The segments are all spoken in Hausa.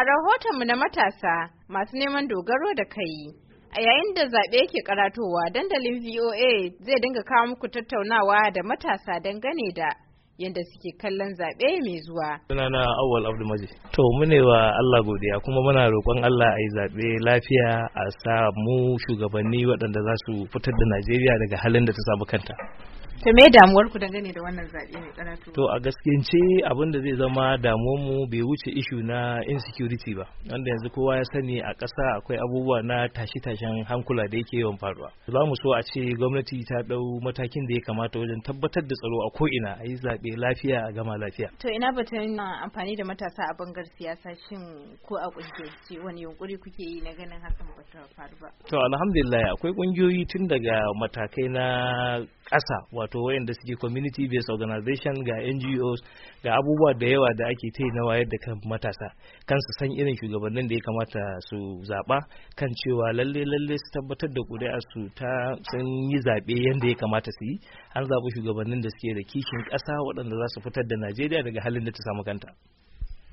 A rahotonmu na matasa masu neman dogaro da kai. A yayin da zaɓe yake karatowa dandalin VOA zai dinga kawo muku tattaunawa da matasa dangane da yadda suke kallon zaɓe mai zuwa. Suna na awal Abdulmaji. To mune wa Allah godiya kuma muna roƙon Allah a yi zaɓe lafiya a samu shugabanni waɗanda za su fitar da Najeriya daga halin da ta samu kanta. Ta me damuwar ku dangane da wannan zaɓe mai karatu? To a gaskiyance abin da zai zama damuwar mu bai wuce ishu na insecurity ba. Wanda yanzu kowa ya sani a ƙasa akwai abubuwa na tashi-tashen hankula da yake yawan faruwa. Za mu so a ce gwamnati ta ɗau matakin da ya kamata wajen tabbatar da tsaro a ko'ina a yi zaɓe riƙe lafiya a gama lafiya. To ina batun amfani da matasa a bangar siyasa shin ko a ƙungiyarci wani yunkuri kuke yi na ganin hakan ba ta faru ba? To alhamdulillah akwai ƙungiyoyi tun daga matakai na ƙasa wato wayanda suke community based organization ga NGOs ga abubuwa da yawa da ake ta na wayar da kan matasa kan su san irin shugabannin da ya kamata su zaɓa kan cewa lalle lalle su tabbatar da ƙuri'a su ta sun yi zaɓe yadda ya kamata su yi an zaɓi shugabannin da suke da kishin ƙasa waɗanda za su fitar da Najeriya daga halin da ta samu kanta.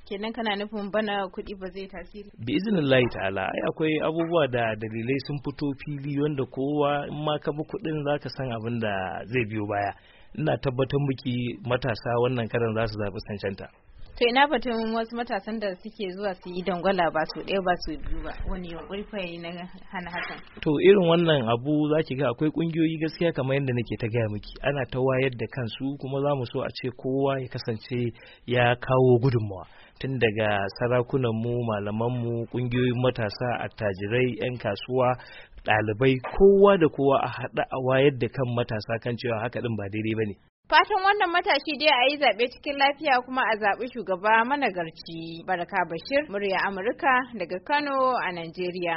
kenan kana nufin bana kuɗi ba zai tasiri bi iznillahi ta'ala ai akwai abubuwa da dalilai sun fito fili wanda kowa in ma ka bi kuɗin zaka san abin da zai biyo baya ina tabbatar miki matasa wannan karan za su zaɓi sancanta to ina fatan wasu matasan da suke zuwa su yi dangwala ba su ɗaya ba su biyu ba wani yunkuri fa na hana hakan to irin wannan abu za ki ga akwai ƙungiyoyi gaskiya kamar yadda nake ta gaya miki ana ta wayar da kansu kuma za mu so a ce kowa ya kasance ya kawo gudunmawa tun daga sarakunanmu malamanmu ƙungiyoyin matasa attajirai 'yan kasuwa ɗalibai kowa da kowa a haɗa a wayar da kan matasa kan cewa haka ɗin ba daidai ba ne Fatan wannan matashi dai a yi zaɓe cikin lafiya kuma a zaɓi shugaba managarci. Barka Bashir, murya Amurka daga Kano a Najeriya.